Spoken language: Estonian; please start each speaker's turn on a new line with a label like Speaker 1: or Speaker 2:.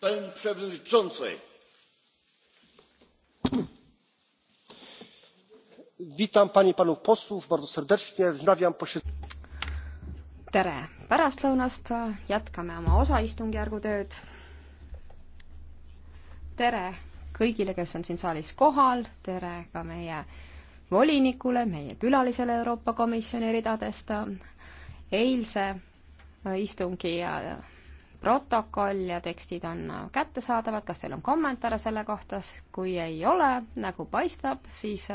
Speaker 1: pani przewodniczącej!
Speaker 2: witam
Speaker 3: panie i panów posłów bardzo serdecznie. wznawiam posiedzenie.
Speaker 4: tere pärastlõunast! jätkame oma osaistungjärgu tööd. tere kõigile kes on siin saalis kohal tere ka meie volinikule meie külalisele euroopa komisjoni ridadest. eilse istungi protokoll ja tekstid on kättesaadavad, kas teil on kommentaare selle kohta, kui ei ole, nagu paistab, siis